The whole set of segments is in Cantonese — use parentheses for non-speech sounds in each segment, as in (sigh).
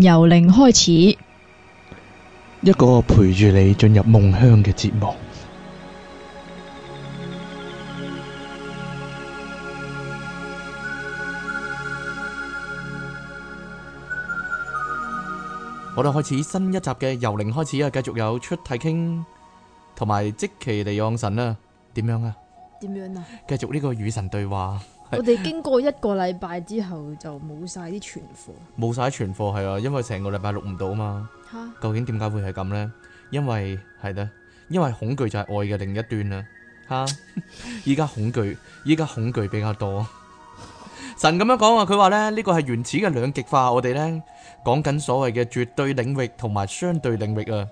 由零開始，一個陪住你進入夢鄉嘅節目。我哋開始新一集嘅由零開始啊，繼續有出題傾同埋即其嚟讓神啊，點樣啊？點樣啊？繼續呢個與神對話。是我哋經過一個禮拜之後就冇晒啲存貨，冇晒存貨係啊，因為成個禮拜錄唔到嘛。哈究竟點解會係咁呢？因為係咧，因為恐懼就係愛嘅另一端啦。吓，依家 (laughs) 恐懼，依家恐懼比較多。 (laughs) 神咁樣講啊，佢話呢，呢、呢個係原始嘅兩極化，我哋呢，講緊所謂嘅絕對領域同埋相對領域啊。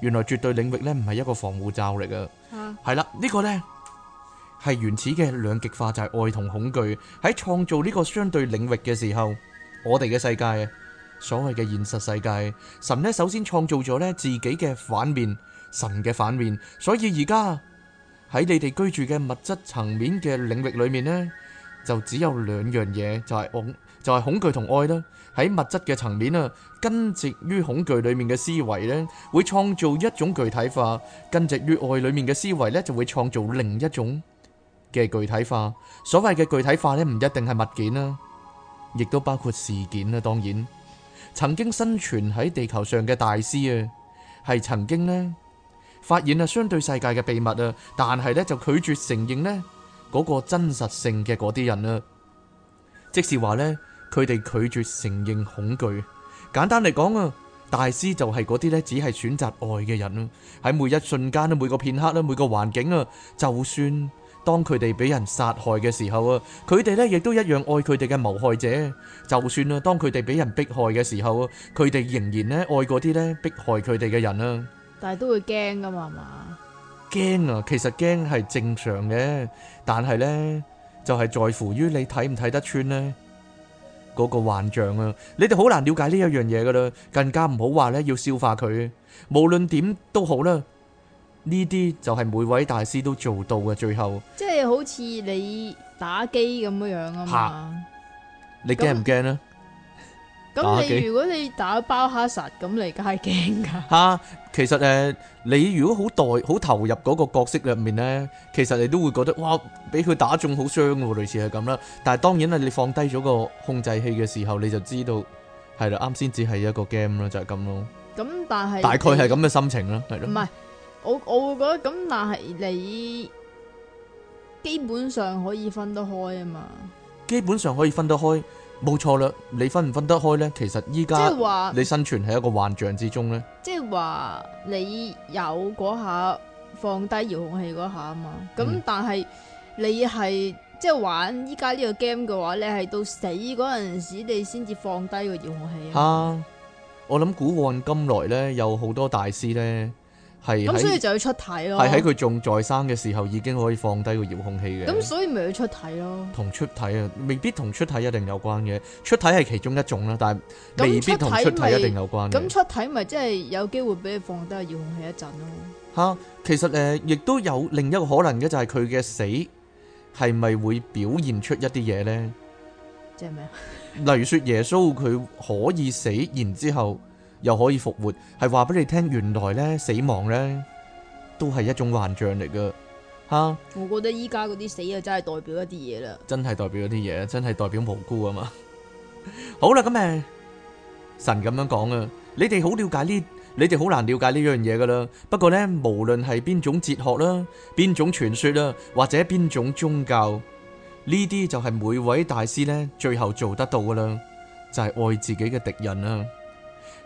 原來絕對領域呢，唔係一個防護罩嚟啊，係啦哈，呢、呢個呢。呢個呢係原始嘅兩極化就係愛同恐懼，喺創造呢個相對領域嘅時候，我哋嘅世界，所謂嘅現實世界，神呢首先創造咗呢自己嘅反面，神嘅反面，所以而家喺你哋居住嘅物質層面嘅領域裏面呢，就只有兩樣嘢，就係恐，就係恐懼同愛啦。喺物質嘅層面啊，根植於恐懼裏面嘅思維呢，會創造一種具體化；根植於愛裏面嘅思維呢，就會創造另一種，嘅具體化，所謂嘅具體化呢，唔一定係物件啦，亦都包括事件啦。當然，曾經生存喺地球上嘅大師啊，係曾經呢發現啊相對世界嘅秘密啊，但係呢就拒絕承認呢嗰個真實性嘅嗰啲人啊，即是話呢，佢哋拒絕承認恐懼。簡單嚟講啊，大師就係嗰啲呢，只係選擇愛嘅人啊，喺每一瞬間每個片刻啦，每個環境啊，就算。當佢哋俾人殺害嘅時候啊，佢哋咧亦都一樣愛佢哋嘅謀害者。就算啊，當佢哋俾人迫害嘅時候啊，佢哋仍然咧愛嗰啲咧迫害佢哋嘅人啊。但係都會驚噶嘛，係嘛？驚啊！其實驚係正常嘅，但係咧就係在乎於你睇唔睇得穿咧嗰個幻象啊！你哋好難了解呢一樣嘢噶啦，更加唔好話咧要消化佢，無論點都好啦。呢啲就係每位大師都做到嘅最後，即係好似你打機咁樣樣啊嘛。你驚唔驚咧？咁你如果你打包哈實咁，你梗係驚噶。吓，其實誒、呃，你如果好代好投入嗰個角色入面呢，其實你都會覺得哇，俾佢打中好傷喎，類似係咁啦。但係當然啦，你放低咗個控制器嘅時候，你就知道係啦。啱先只係一個 game 啦，就係咁咯。咁、嗯、但係大概係咁嘅心情啦，係咯。唔係。我我會覺得咁，但係你基本上可以分得開啊嘛。基本上可以分得開，冇錯啦。你分唔分得開咧？其實依家即係話你生存喺一個幻象之中咧。即係話你有嗰下放低遙控器嗰下啊嘛。咁但係你係即係玩依家呢個 game 嘅話咧，你係到死嗰陣時你先至放低個遙控器。吓，我諗古往今來咧，有好多大師咧。係咁，所以就要出體咯。係喺佢仲在生嘅時候，已經可以放低個遙控器嘅。咁所以咪要出體咯？同出體啊，未必同出體一定有關嘅。出體係其中一種啦，但係未必同出體一定有關。咁出體咪即係有機會俾你放低個遙控器一陣咯？吓，其實誒，亦都有另一個可能嘅，就係佢嘅死係咪會表現出一啲嘢咧？即係咩啊？例如說耶穌佢可以死，然之後。又可以復活，係話俾你聽，原來咧死亡，咧都係一種幻象嚟噶吓。我覺得依家嗰啲死啊，真係代表一啲嘢啦。真係代表一啲嘢，真係代表無辜啊嘛。 (laughs) 好啦，咁誒，神咁樣講啊，你哋好了解呢，你哋好難了解呢樣嘢噶啦。不過咧，無論係邊種哲學啦，邊種傳說啦，或者邊種宗教，呢啲就係每位大師咧最後做得到噶啦，就係愛自己嘅敵人啦。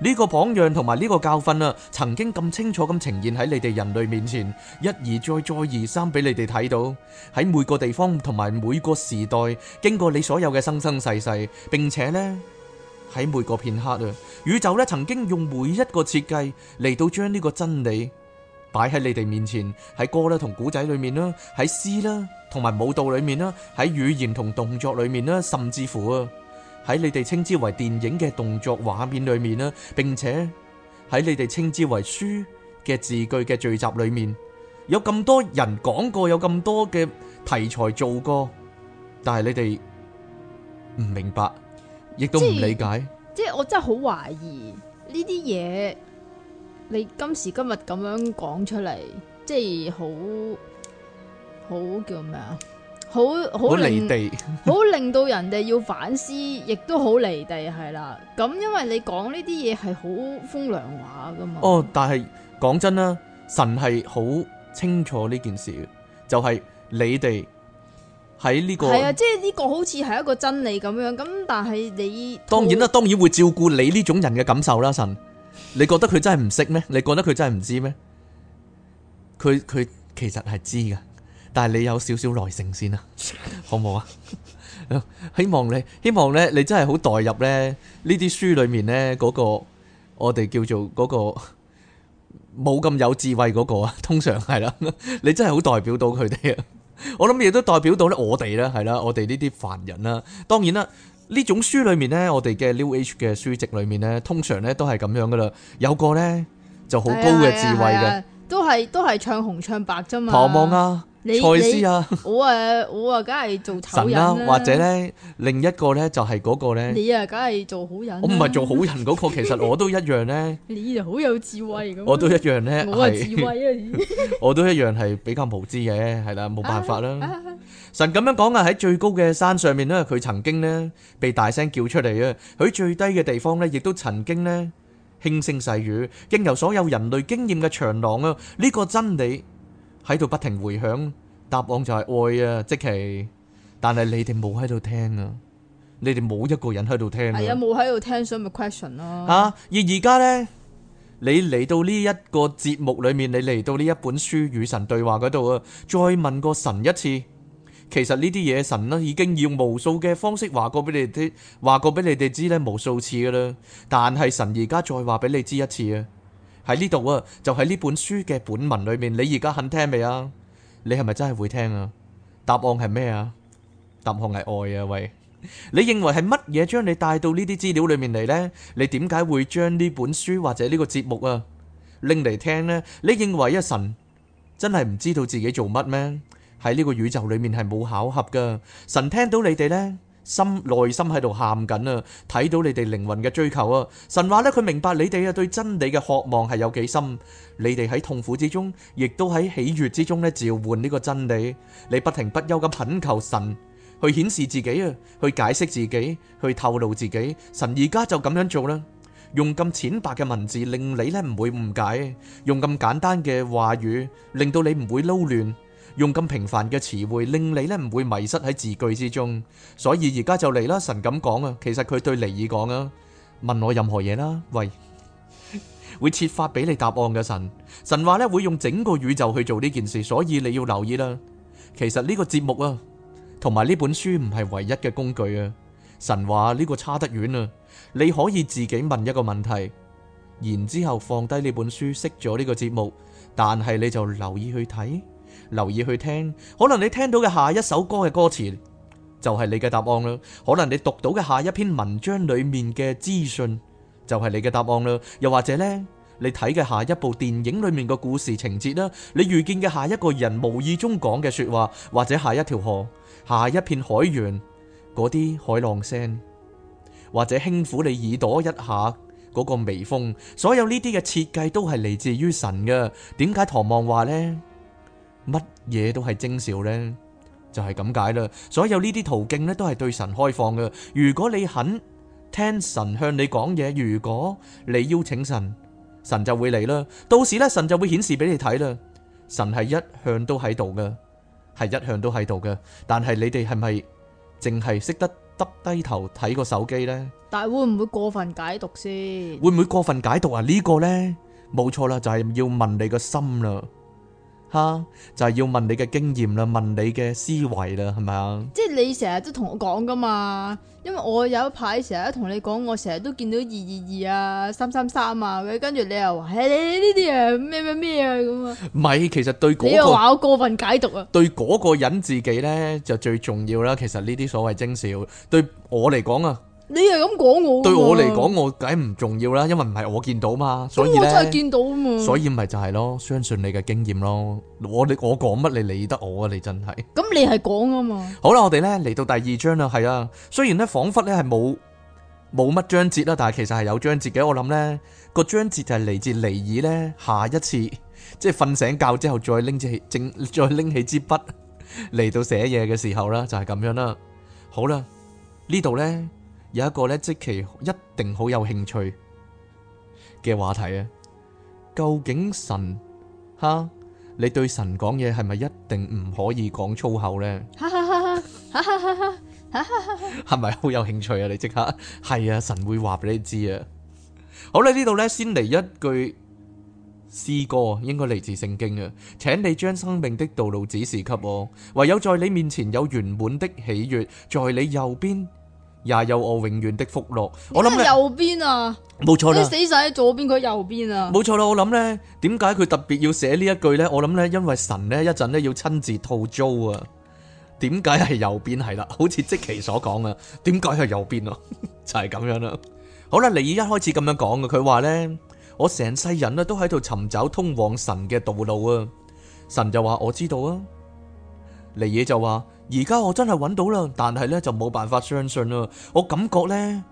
呢個榜樣同埋呢個教訓啊，曾經咁清楚咁呈現喺你哋人類面前，一而再、再而三俾你哋睇到，喺每個地方同埋每個時代，經過你所有嘅生生世世，並且呢，喺每個片刻啊，宇宙咧曾經用每一個設計嚟到將呢個真理擺喺你哋面前，喺歌啦、同古仔裏面啦，喺詩啦、同埋舞蹈裏面啦，喺語言同動作裏面啦，甚至乎啊。喺你哋稱之為電影嘅動作畫面裏面啦，並且喺你哋稱之為書嘅字句嘅聚集裏面，有咁多人講過，有咁多嘅題材做過，但係你哋唔明白，亦都唔理解。即係我真係好懷疑呢啲嘢，你今時今日咁樣講出嚟，即係好好叫咩啊？好好離離地， (laughs) 好令到人哋要反思，亦都好離地係啦。咁因為你講呢啲嘢係好風涼話噶嘛。哦，但係講真啦，神係好清楚呢件事，就係、是、你哋喺呢個係啊，即係呢個好似係一個真理咁樣。咁但係你當然啦、啊，當然會照顧你呢種人嘅感受啦、啊。神，你覺得佢真係唔識咩？你覺得佢真係唔知咩？佢佢其實係知噶。但係你有少少耐性先啊，好唔好啊？ (laughs) 希望你，希望咧，你真係好代入咧呢啲書裏面咧、那個，嗰個我哋叫做嗰、那個冇咁有智慧嗰、那個啊。通常係啦， (laughs) 你真係好代表到佢哋啊。 (laughs) 我諗亦都代表到咧我哋咧，係啦，我哋呢啲凡人啦。當然啦，呢種書裏面咧，我哋嘅 New Age 嘅書籍裏面咧，通常咧都係咁樣噶啦。有個咧就好高嘅智慧嘅。哎哎哎，都係都係唱紅唱白啫嘛。望啊！蔡司啊！我誒，我誒，梗係做醜人啦。神啦，或者咧，另一個咧，就係嗰個咧。你啊，梗係做好人。我唔係做好人嗰個，其實我都一樣咧。你就好有智慧咁。我都一樣咧，我係智慧啊！我都一樣係比較無知嘅，係啦，冇辦法啦。神咁樣講啊，喺最高嘅山上面咧，佢曾經咧被大聲叫出嚟啊，佢最低嘅地方咧，亦都曾經咧輕聲細語，應由所有人類經驗嘅長廊啊，呢個真理。喺度不停回響，答案就係愛啊！即其，但係你哋冇喺度聽啊！你哋冇一個人喺度聽啊！係啊，冇喺度聽，所以咪 question 咯。吓，而而家咧，你嚟到呢一個節目裏面，你嚟到呢一本書與神對話嗰度啊，再問過神一次。其實呢啲嘢神咧已經用無數嘅方式話過俾你哋，話過俾你哋知咧無數次噶啦。但係神而家再話俾你知一次啊！喺呢度啊，就喺呢本書嘅本文裏面，你而家肯聽未啊？你係咪真係會聽啊？答案係咩啊？答案係愛啊！喂，你認為係乜嘢將你帶到呢啲資料裏面嚟呢？你點解會將呢本書或者呢個節目啊拎嚟聽呢？你認為啊，神真係唔知道自己做乜咩？喺呢個宇宙裏面係冇巧合噶。神聽到你哋呢。心內心喺度喊緊啊！睇到你哋靈魂嘅追求啊！神話咧，佢明白你哋啊對真理嘅渴望係有幾深。你哋喺痛苦之中，亦都喺喜悅之中咧召喚呢個真理。你不停不休咁懇求神去顯示自己啊，去解釋自己，去透露自己。神而家就咁樣做啦，用咁淺白嘅文字令你咧唔會誤解，用咁簡單嘅話語令到你唔會撈亂。用咁平凡嘅詞彙，令你呢唔會迷失喺字句之中。所以而家就嚟啦，神咁講啊，其實佢對尼爾講啊，問我任何嘢啦，喂，會設法俾你答案嘅神。神話呢會用整個宇宙去做呢件事，所以你要留意啦。其實呢個節目啊，同埋呢本書唔係唯一嘅工具啊。神話呢個差得遠啊，你可以自己問一個問題，然之後放低呢本書，熄咗呢個節目，但係你就留意去睇。留意去聽，可能你聽到嘅下一首歌嘅歌詞就係你嘅答案啦。可能你讀到嘅下一篇文章裏面嘅資訊就係你嘅答案啦。又或者呢，你睇嘅下一部電影裏面嘅故事情節啦，你遇見嘅下一個人無意中講嘅說話，或者下一條河、下一片海洋嗰啲海浪聲，或者輕撫你耳朵一下嗰個微風，所有呢啲嘅設計都係嚟自於神嘅。點解唐望話呢？乜嘢都係徵兆呢，就係咁解啦。所有呢啲途徑呢都係對神開放嘅。如果你肯聽神向你講嘢，如果你邀請神，神就會嚟啦。到時呢，神就會顯示俾你睇啦。神係一向都喺度㗎，係一向都喺度㗎。但係你哋係咪淨係識得耷低頭睇個手機呢？但係會唔會過分解讀先？會唔會過分解讀啊？呢個呢冇錯啦，就係要問你個心啦。吓，就係、是、要問你嘅經驗啦，問你嘅思維啦，係咪啊？即係你成日都同我講噶嘛，因為我有一排成日都同你講，我成日都見到二二二啊，三三三啊，跟住你又話你呢啲啊咩咩咩啊咁啊。唔係，其實對嗰、那個、你又話我過分解讀啊。對嗰個人自己咧就最重要啦。其實呢啲所謂徵兆，對我嚟講啊。你係咁講我，對我嚟講我梗唔重要啦，因為唔係我見到嘛，所以我真係見到啊嘛，所以咪就係咯，相信你嘅經驗咯。我你我講乜你理得我啊，你真係。咁你係講啊嘛。好啦，我哋咧嚟到第二章啦，係啊，雖然咧仿佛咧係冇冇乜章節啦，但係其實係有章節嘅。我諗咧個章節就係嚟自尼爾咧，下一次即係瞓醒覺之後，再拎起支正，再拎起支筆嚟到寫嘢嘅時候啦，就係咁樣啦。好啦，呢度咧。有一個咧，即期一定好有興趣嘅話題啊！究竟神吓你對神講嘢係咪一定唔可以講粗口呢？係咪好有興趣啊？你即刻係 (laughs) 啊！神會話俾你知啊！ (laughs) 好啦，呢度呢，先嚟一句詩歌，應該嚟自聖經啊！請你將生命的道路指示給我，唯有在你面前有圓滿的喜悅，在你右邊。也有我永遠的福樂。我諗右邊啊，冇錯啦，你死晒喺左邊，佢右邊啊，冇錯啦。我諗咧，點解佢特別要寫呢一句咧？我諗咧，因為神咧一陣咧要親自套租啊。點解係右邊？係啦，好似積奇所講 (laughs) 啊。點解係右邊啊？就係咁樣啦。好啦，尼爾一開始咁樣講嘅，佢話咧，我成世人咧都喺度尋找通往神嘅道路啊。神就話我知道啊。尼爾就話。而家我真係揾到啦，但係咧就冇辦法相信啦。我感覺咧，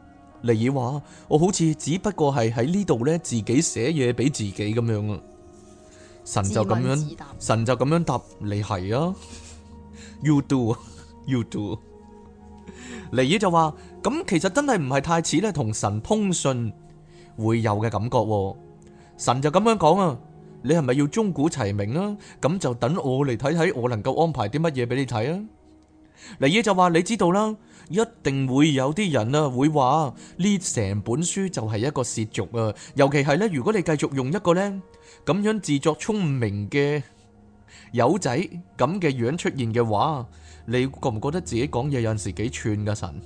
尼爾話我好似只不過係喺呢度咧自己寫嘢俾自己咁樣啊。神就咁樣，神就咁樣，樣答你係啊。You do，you do, you do. 尼。尼爾就話，咁其實真係唔係太似咧同神通訊會有嘅感覺。神就咁樣講啊，你係咪要鐘鼓齊鳴啊？咁就等我嚟睇睇，我能夠安排啲乜嘢俾你睇啊？嚟嘢就話，你知道啦，一定會有啲人啊會話呢成本書就係一個褻瀆啊。尤其係咧，如果你繼續用一個呢咁樣自作聰明嘅友仔咁嘅樣出現嘅話，你覺唔覺得自己講嘢有陣時幾串㗎，神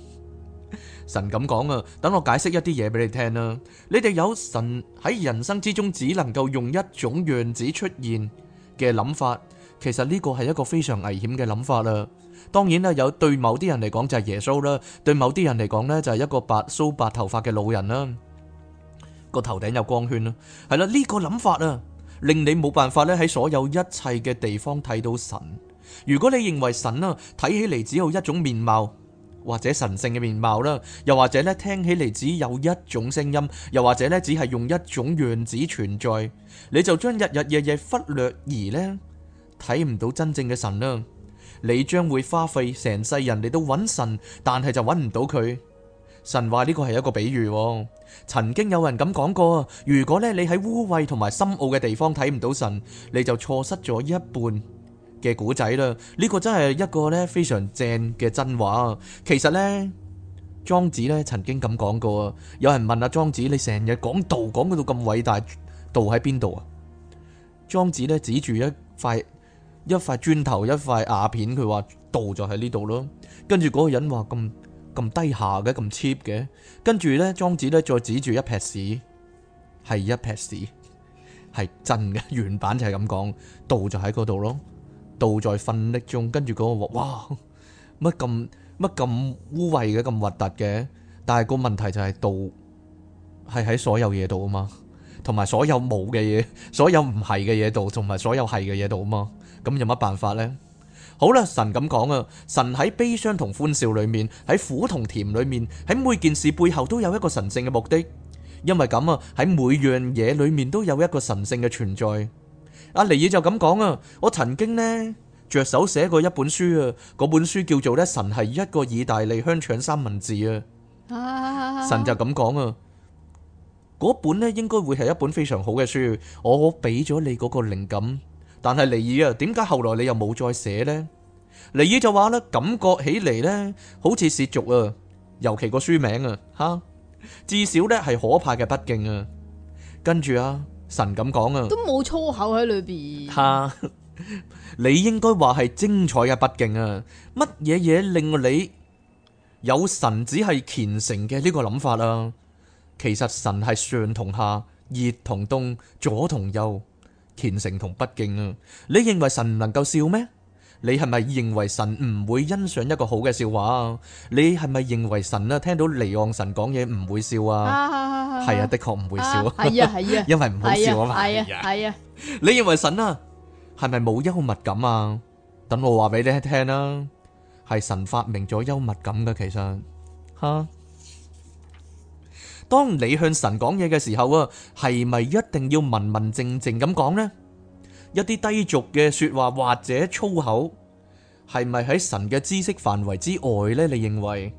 神咁講啊？等我解釋一啲嘢俾你聽啦。你哋有神喺人生之中只能夠用一種樣子出現嘅諗法，其實呢個係一個非常危險嘅諗法啦。當然咧，有對某啲人嚟講就係耶穌啦，對某啲人嚟講咧就係一個白須白頭髮嘅老人啦，個頭頂有光圈啦，係啦，呢個諗法啊，令你冇辦法咧喺所有一切嘅地方睇到神。如果你認為神啊睇起嚟只有一種面貌，或者神聖嘅面貌啦，又或者咧聽起嚟只有一種聲音，又或者咧只係用一種樣子存在，你就將日日夜夜忽略而咧睇唔到真正嘅神啦。你將會花費成世人嚟到揾神，但係就揾唔到佢。神話呢個係一個比喻。曾經有人咁講過，如果咧你喺污穢同埋深奧嘅地方睇唔到神，你就錯失咗一半嘅古仔啦。呢個真係一個咧非常正嘅真話。其實咧莊子咧曾經咁講過，有人問阿莊子，你成日講道講到咁偉大，道喺邊度啊？莊子咧指住一塊。一塊磚頭，一塊瓦片，佢話道就喺呢度咯。跟住嗰個人話咁咁低下嘅，咁 cheap 嘅。跟住咧，莊子咧再指住一撇屎，係一撇屎，係真嘅原版就係咁講，道就喺嗰度咯。道在分力中。跟住嗰個話，哇乜咁乜咁污穢嘅，咁核突嘅。但係個問題就係道係喺所有嘢度啊嘛，同埋所有冇嘅嘢，所有唔係嘅嘢度，同埋所有係嘅嘢度啊嘛。咁有乜辦法呢？好啦，神咁講啊，神喺悲傷同歡笑裏面，喺苦同甜裏面，喺每件事背後都有一個神聖嘅目的。因為咁啊，喺每樣嘢裏面都有一個神聖嘅存在。阿尼爾就咁講啊，我曾經呢，着手寫過一本書啊，嗰本書叫做咧，神係一個意大利香腸三文治啊。神就咁講啊，嗰本呢應該會係一本非常好嘅書。我俾咗你嗰個靈感。但係尼爾啊，點解後來你又冇再寫呢？尼爾就話啦，感覺起嚟呢，好似褻瀆啊，尤其個書名啊，哈，至少呢係可怕嘅不敬啊。跟住啊，神咁講啊，都冇粗口喺裏邊。哈，你應該話係精彩嘅不敬啊，乜嘢嘢令你有神只係虔誠嘅呢個諗法啊？其實神係上同下，熱同凍，左同右。虔誠同不敬啊！你認為神唔能夠笑咩？你係咪認為神唔會欣賞一個好嘅笑話啊？你係咪認為神啊聽到離岸神講嘢唔會笑啊？係啊，啊，啊，啊，的確唔會笑啊！係啊，係啊，因為唔好笑啊嘛！係啊，係啊，啊你認為神啊係咪冇幽默感啊？等我話俾你聽啦，係神發明咗幽默感噶，其實吓。當你向神講嘢嘅時候啊，係咪一定要文文靜靜咁講呢？一啲低俗嘅說話或者粗口，係咪喺神嘅知識範圍之外呢？你認為？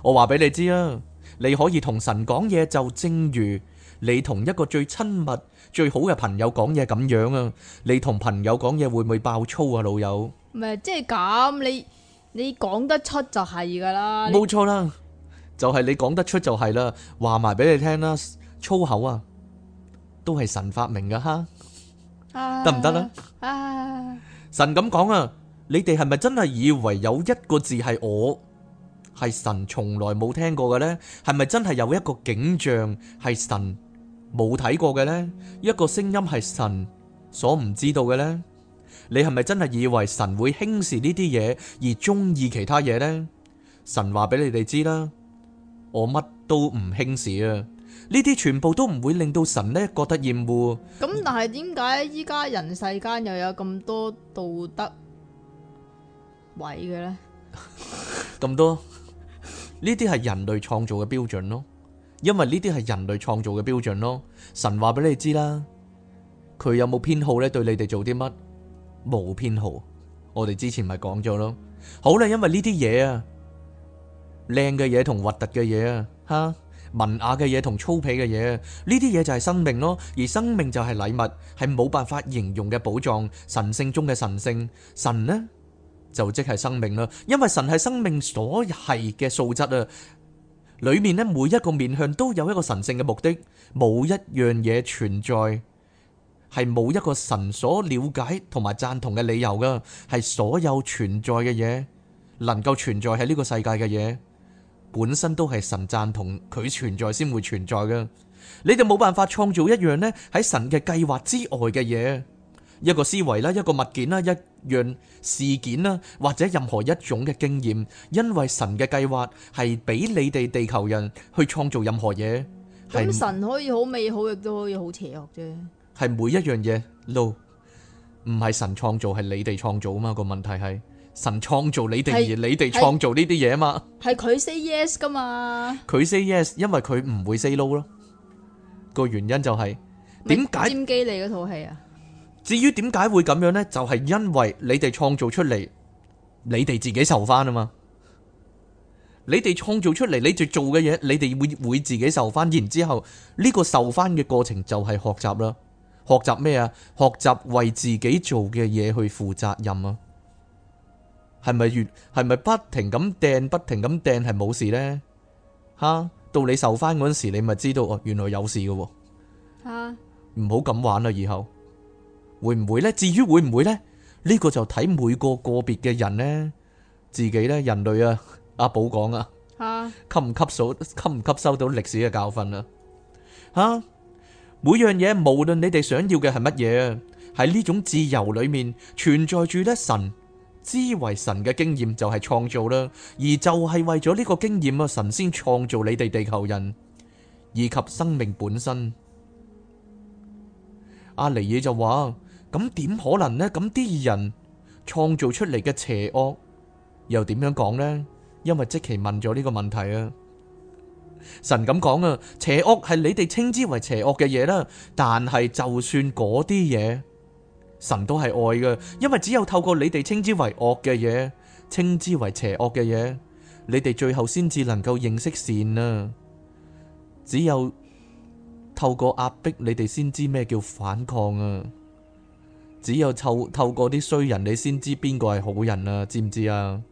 我話俾你知啊，你可以同神講嘢，就正如你同一個最親密、最好嘅朋友講嘢咁樣啊。你同朋友講嘢會唔會爆粗啊，老友？咪即係咁，你你講得出就係噶啦。冇錯啦。就係你講得出就係啦，話埋俾你聽啦。粗口啊，都係神發明嘅哈，得唔得啦？神咁講啊，你哋係咪真係以為有一個字係我，係神從來冇聽過嘅呢？係咪真係有一個景象係神冇睇過嘅呢？一個聲音係神所唔知道嘅呢？你係咪真係以為神會輕視呢啲嘢而中意其他嘢呢？神話俾你哋知啦。我乜都唔輕視啊！呢啲全部都唔會令到神呢覺得厭惡。咁但係點解依家人世間又有咁多道德位嘅呢？咁 (laughs) 多？呢啲係人類創造嘅標準咯，因為呢啲係人類創造嘅標準咯。神話俾你知啦，佢有冇偏好呢？對你哋做啲乜？冇偏好。我哋之前咪講咗咯。好啦，因為呢啲嘢啊。靚嘅嘢同核突嘅嘢啊，吓文雅嘅嘢同粗鄙嘅嘢，呢啲嘢就係生命咯。而生命就係禮物，係冇辦法形容嘅寶藏，神聖中嘅神聖。神呢就即係生命啦，因為神係生命所係嘅素質啊。裏面呢每一個面向都有一個神聖嘅目的，冇一樣嘢存在係冇一個神所了解同埋贊同嘅理由噶。係所有存在嘅嘢能夠存在喺呢個世界嘅嘢。本身都係神讚同佢存在先會存在嘅，你哋冇辦法創造一樣呢喺神嘅計劃之外嘅嘢，一個思維啦，一個物件啦，一樣事件啦，或者任何一種嘅經驗，因為神嘅計劃係俾你哋地球人去創造任何嘢。咁神可以好美好，亦都可以好邪惡啫。係每一樣嘢，no，唔係神創造，係你哋創造啊嘛？個問題係。神創造你哋而是你哋創造呢啲嘢啊嘛，係佢 say yes 噶嘛，佢 say yes，因為佢唔會 say no 咯。個原因就係點解？尖機你嗰套戲啊！至於點解會咁樣呢？就係、是、因為你哋創造出嚟，你哋自己受翻啊嘛。你哋創造出嚟，你哋做嘅嘢，你哋會會自己受翻。然之後呢、這個受翻嘅過程就係學習啦，學習咩啊？學習為自己做嘅嘢去負責任啊！係咪越係咪不停咁掟，不停咁掟係冇事呢？吓到你受翻嗰時，你咪知道哦，原來有事嘅喎。吓，唔好咁玩啦，以後會唔會呢？至於會唔會呢？呢個就睇每個個別嘅人呢，自己呢，人類啊，阿寶講啊，吸唔吸收，吸唔吸收到歷史嘅教訓啊？吓，每樣嘢，無論你哋想要嘅係乜嘢，喺呢種自由裏面存在住得神。之為神嘅經驗就係創造啦，而就係為咗呢個經驗啊，神先創造你哋地球人以及生命本身。阿、啊、尼爾就話：咁點可能呢？咁啲人創造出嚟嘅邪惡又點樣講呢？因為即其問咗呢個問題啊，神咁講啊，邪惡係你哋稱之為邪惡嘅嘢啦，但係就算嗰啲嘢。神都係愛嘅，因為只有透過你哋稱之為惡嘅嘢，稱之為邪惡嘅嘢，你哋最後先至能夠認識善啊！只有透過壓迫，你哋先知咩叫反抗啊！只有透透過啲衰人，你先知邊個係好人啊？知唔知啊？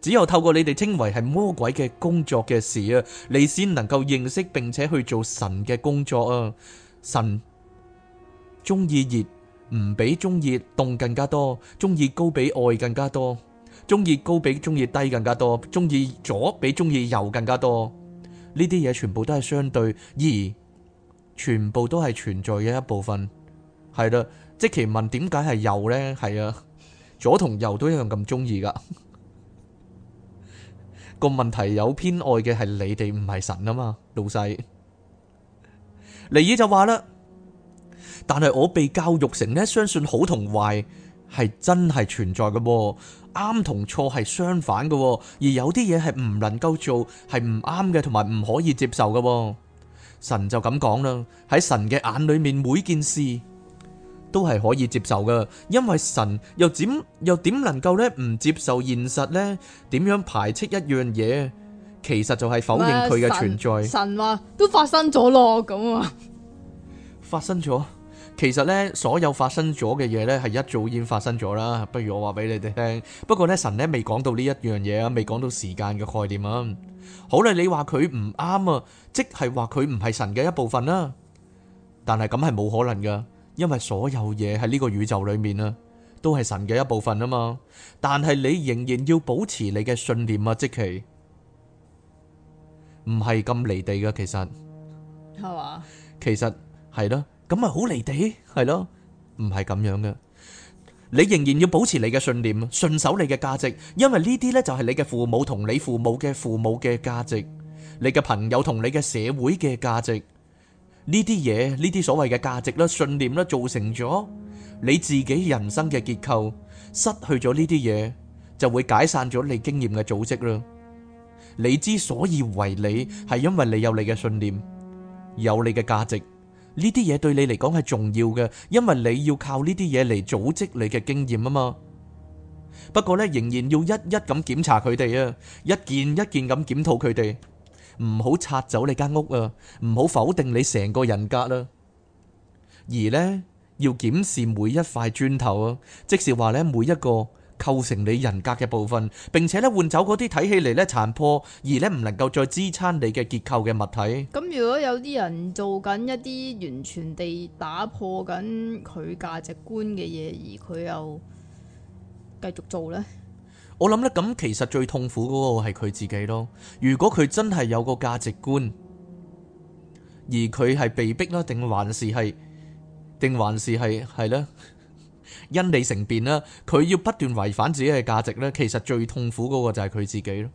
只有透過你哋稱為係魔鬼嘅工作嘅事啊，你先能夠認識並且去做神嘅工作啊！神。中意熱唔比中意凍更加多，中意高比愛更加多，中意高比中意低更加多，中意左比中意右更加多。呢啲嘢全部都係相對，而全部都係存在嘅一部分。係啦，即其問點解係右呢？係啊，左同右都一樣咁中意噶。個問題有偏愛嘅係你哋唔係神啊嘛，老細。尼爾就話啦。但係我被教育成呢，相信好同壞係真係存在嘅、哦，啱同錯係相反嘅、哦，而有啲嘢係唔能夠做，係唔啱嘅，同埋唔可以接受嘅、哦。神就咁講啦，喺神嘅眼裏面，每件事都係可以接受嘅，因為神又點又點能夠呢？唔接受現實呢？點樣排斥一樣嘢？其實就係否認佢嘅存在。神話、啊、都發生咗咯，咁啊， (laughs) 發生咗。其實咧，所有發生咗嘅嘢咧，係一早已經發生咗啦。不如我話俾你哋聽。不過咧，神咧未講到呢一樣嘢啊，未講到時間嘅概念啊。好啦，你話佢唔啱啊，即係話佢唔係神嘅一部分啦。但係咁係冇可能噶，因為所有嘢喺呢個宇宙裏面啊，都係神嘅一部分啊嘛。但係你仍然要保持你嘅信念啊，即其唔係咁離地噶，其實係嘛？其實係咯。咁咪好離地係咯，唔係咁樣嘅。你仍然要保持你嘅信念，順守你嘅價值，因為呢啲呢就係你嘅父母同你父母嘅父母嘅價值，你嘅朋友同你嘅社會嘅價值。呢啲嘢，呢啲所謂嘅價值啦、信念啦，造成咗你自己人生嘅結構。失去咗呢啲嘢，就會解散咗你經驗嘅組織啦。你之所以為你，係因為你有你嘅信念，有你嘅價值。呢啲嘢對你嚟講係重要嘅，因為你要靠呢啲嘢嚟組織你嘅經驗啊嘛。不過咧，仍然要一一咁檢查佢哋啊，一件一件咁檢討佢哋，唔好拆走你間屋啊，唔好否定你成個人格啦。而呢，要檢視每一塊磚頭啊，即是話咧每一個。構成你人格嘅部分，並且咧換走嗰啲睇起嚟咧殘破而咧唔能夠再支撐你嘅結構嘅物體。咁如果有啲人做緊一啲完全地打破緊佢價值觀嘅嘢，而佢又繼續做呢？我諗咧咁其實最痛苦嗰個係佢自己咯。如果佢真係有個價值觀，而佢係被逼啦，定還是係，定還是係係咧？因你成變啦，佢要不斷違反自己嘅價值咧，其實最痛苦嗰個就係佢自己咯。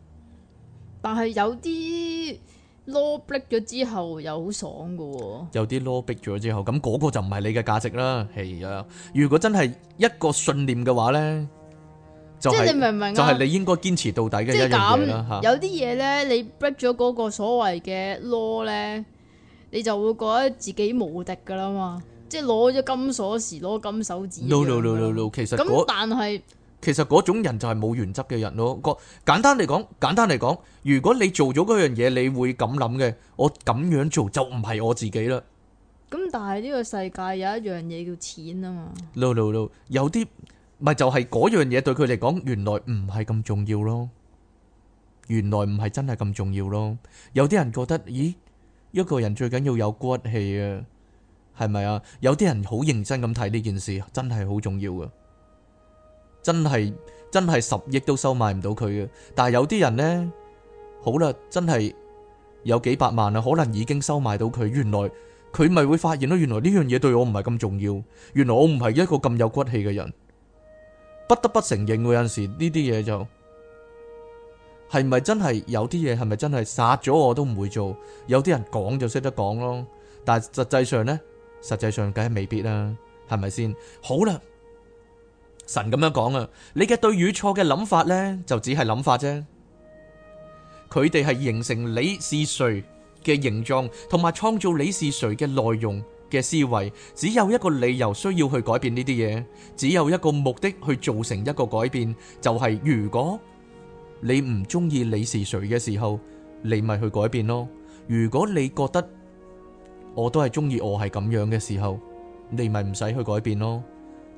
但係有啲 law break 咗之後又好爽噶喎。有啲 law break 咗之後，咁嗰個就唔係你嘅價值啦，係啊。如果真係一個信念嘅話咧，即係你明唔明啊？就係你應該堅持到底嘅一樣嘢啦。即係咁，有啲嘢咧，你 break 咗嗰個所謂嘅 law 咧，你就會覺得自己無敵噶啦嘛。即係攞咗金鎖匙，攞金手指咁樣咯。no no no no no。其實咁但係其實嗰種人就係冇原則嘅人咯。個簡單嚟講，簡單嚟講，如果你做咗嗰樣嘢，你會咁諗嘅。我咁樣做就唔係我自己啦。咁但係呢個世界有一樣嘢叫錢啊嘛。no no no，有啲咪就係嗰樣嘢對佢嚟講，原來唔係咁重要咯。原來唔係真係咁重要咯。有啲人覺得，咦，一個人最緊要有骨氣啊。係咪啊？有啲人好認真咁睇呢件事，真係好重要噶，真係真係十億都收買唔到佢嘅。但係有啲人呢，好啦，真係有幾百萬啦，可能已經收買到佢。原來佢咪會發現咯，原來呢樣嘢對我唔係咁重要，原來我唔係一個咁有骨氣嘅人，不得不承認嗰陣時呢啲嘢就，係咪真係？有啲嘢係咪真係殺咗我都唔會做？有啲人講就識得講咯，但係實際上呢。實際上梗係未必啦，啊，係咪先？好啦，神咁樣講啊，你嘅對與錯嘅諗法呢，就只係諗法啫。佢哋係形成你是誰嘅形狀，同埋創造你是誰嘅內容嘅思維，只有一個理由需要去改變呢啲嘢，只有一個目的去造成一個改變，就係、是、如果你唔中意你是誰嘅時候，你咪去改變咯。如果你覺得，我都係中意，我係咁樣嘅時候，你咪唔使去改變咯，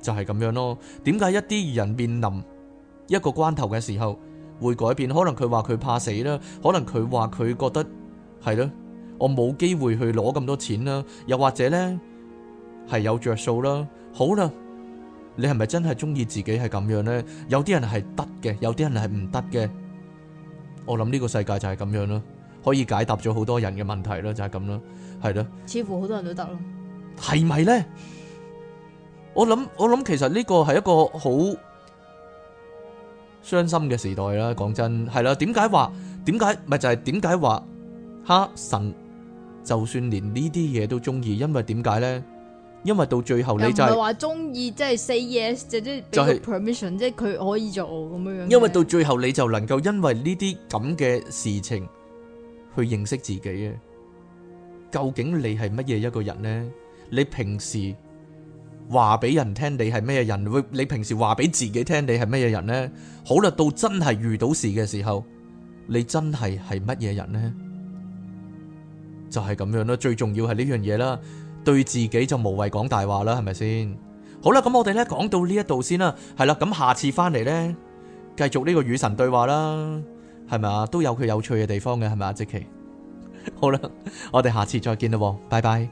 就係、是、咁樣咯。點解一啲人面臨一個關頭嘅時候會改變？可能佢話佢怕死啦，可能佢話佢覺得係咯，我冇機會去攞咁多錢啦，又或者呢係有着數啦。好啦，你係咪真係中意自己係咁樣呢？有啲人係得嘅，有啲人係唔得嘅。我諗呢個世界就係咁樣咯，可以解答咗好多人嘅問題、就是、咯，就係咁啦。係咯，似乎好多人都得咯，係咪咧？我諗我諗，其實呢個係一個好傷心嘅時代啦。講真，係啦，點解話？點解咪就係點解話？哈神，就算連呢啲嘢都中意，因為點解咧？因為到最後你就唔係話中意，即係 say yes，即係就係 permission，即係佢可以做咁樣樣。因為到最後你就能夠因為呢啲咁嘅事情去認識自己啊！究竟你係乜嘢一個人呢？你平時話俾人聽你係咩人？會你平時話俾自己聽你係咩人呢？好啦，到真係遇到事嘅時候，你真係係乜嘢人呢？就係咁樣啦，最重要係呢樣嘢啦，對自己就無謂講大話啦，係咪先？好啦，咁我哋咧講到呢一度先啦，係啦，咁下次翻嚟呢，繼續呢個與神對話啦，係咪啊？都有佢有趣嘅地方嘅，係咪啊？即期。 (laughs) 好啦，我哋下次再見啦，拜拜！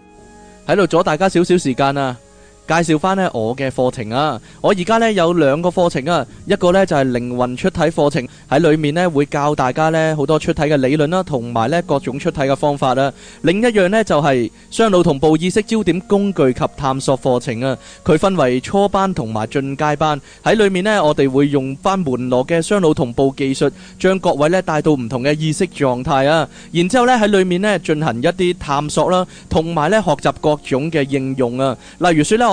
喺度 (noise) 阻大家少少時間啊。介紹翻咧我嘅課程啊！我而家咧有兩個課程啊，一個咧就係靈魂出體課程，喺裡面咧會教大家咧好多出體嘅理論啦，同埋咧各種出體嘅方法啊。另一樣咧就係雙腦同步意識焦點工具及探索課程啊。佢分為初班同埋進階班，喺裡面咧我哋會用翻門羅嘅雙腦同步技術，將各位咧帶到唔同嘅意識狀態啊。然之後咧喺裡面咧進行一啲探索啦，同埋咧學習各種嘅應用啊。例如説咧。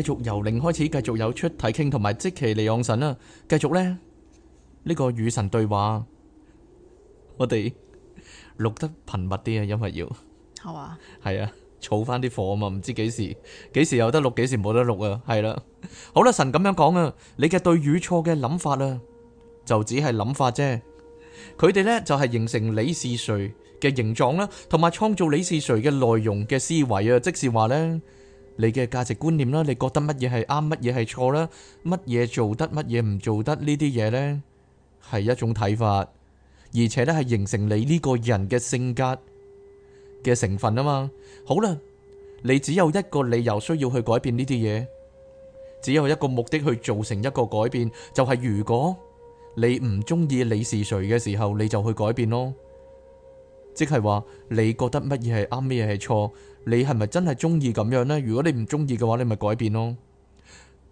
繼續由零開始，繼續有出體傾同埋即其利用神啦。繼續咧呢、呢個與神對話，我哋錄得頻密啲啊，因為要係、啊啊、嘛，係啊，儲翻啲貨啊嘛，唔知幾時幾時有得錄，幾時冇得錄啊？係啦、啊，好啦、啊，神咁樣講啊，你嘅對與錯嘅諗法啦、啊，就只係諗法啫。佢哋呢，就係、是、形成你是誰嘅形狀啦，同埋創造你是誰嘅內容嘅思維啊，即是話呢。你嘅價值觀念啦，你覺得乜嘢係啱，乜嘢係錯啦，乜嘢做得，乜嘢唔做得呢啲嘢呢，係一種睇法，而且咧係形成你呢個人嘅性格嘅成分啊嘛。好啦，你只有一個理由需要去改變呢啲嘢，只有一個目的去做成一個改變，就係如果你唔中意你是誰嘅時候，你就去改變咯。即係話你覺得乜嘢係啱，乜嘢係錯。你係咪真係中意咁樣呢？如果你唔中意嘅話，你咪改變咯。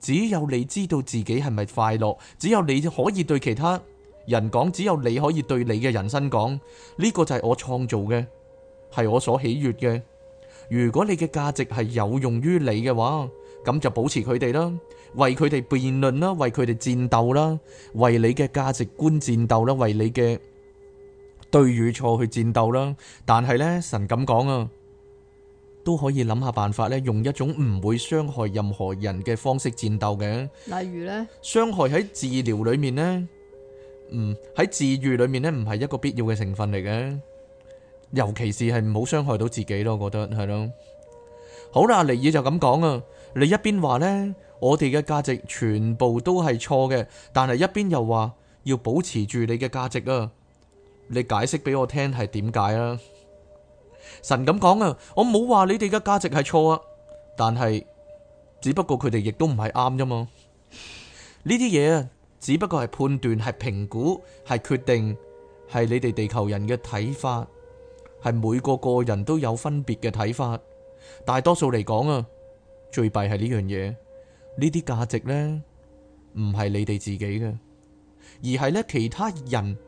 只有你知道自己係咪快樂，只有你可以對其他人講，只有你可以對你嘅人生講。呢個就係我創造嘅，係我所喜悅嘅。如果你嘅價值係有用於你嘅話，咁就保持佢哋啦，為佢哋辯論啦，為佢哋戰鬥啦，為你嘅價值觀戰鬥啦，為你嘅對與錯去戰鬥啦。但係呢，神咁講啊。都可以諗下辦法咧，用一種唔會傷害任何人嘅方式戰鬥嘅。例如呢，傷害喺治療裏面呢，嗯，喺治癒裏面呢，唔係一個必要嘅成分嚟嘅，尤其是係唔好傷害到自己咯。我覺得係咯。好啦，尼爾就咁講啊，你一邊話呢，我哋嘅價值全部都係錯嘅，但係一邊又話要保持住你嘅價值啊，你解釋俾我聽係點解啊？神咁講啊，我冇話你哋嘅價值係錯啊，但係只不過佢哋亦都唔係啱啫嘛。呢啲嘢啊，只不過係判斷、係評估、係決定，係你哋地球人嘅睇法，係每個個人都有分別嘅睇法。大多數嚟講啊，最弊係呢樣嘢，呢啲價值呢，唔係你哋自己嘅，而係呢其他人。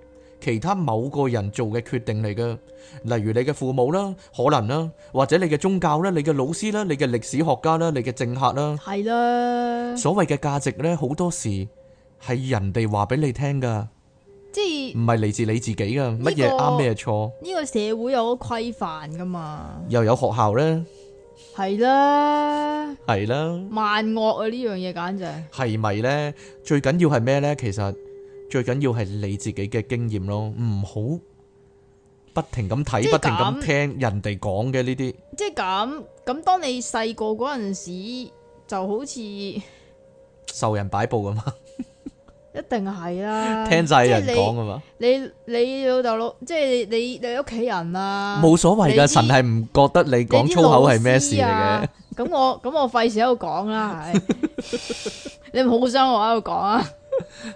其他某個人做嘅決定嚟嘅，例如你嘅父母啦，可能啦，或者你嘅宗教啦，你嘅老師啦，你嘅歷史學家啦，你嘅政客啦，係啦。所謂嘅價值呢，好多時係人哋話俾你聽噶，即係唔係嚟自你自己噶，乜嘢啱，咩錯？呢個社會有個規範噶嘛？又有學校咧，係啦，係啦，萬惡啊呢樣嘢簡直係咪呢？最緊要係咩呢？其實。最緊要係你自己嘅經驗咯，唔好不停咁睇，不停咁聽人哋講嘅呢啲。即係咁，咁當你細個嗰陣時，就好似受人擺佈噶嘛，一定係啦，聽晒人講噶嘛。你你老豆老，即係你你屋企人啊，冇所謂噶，神係唔覺得你講粗口係咩事嚟嘅。咁我咁我費事喺度講啦，你唔好傷我喺度講啊。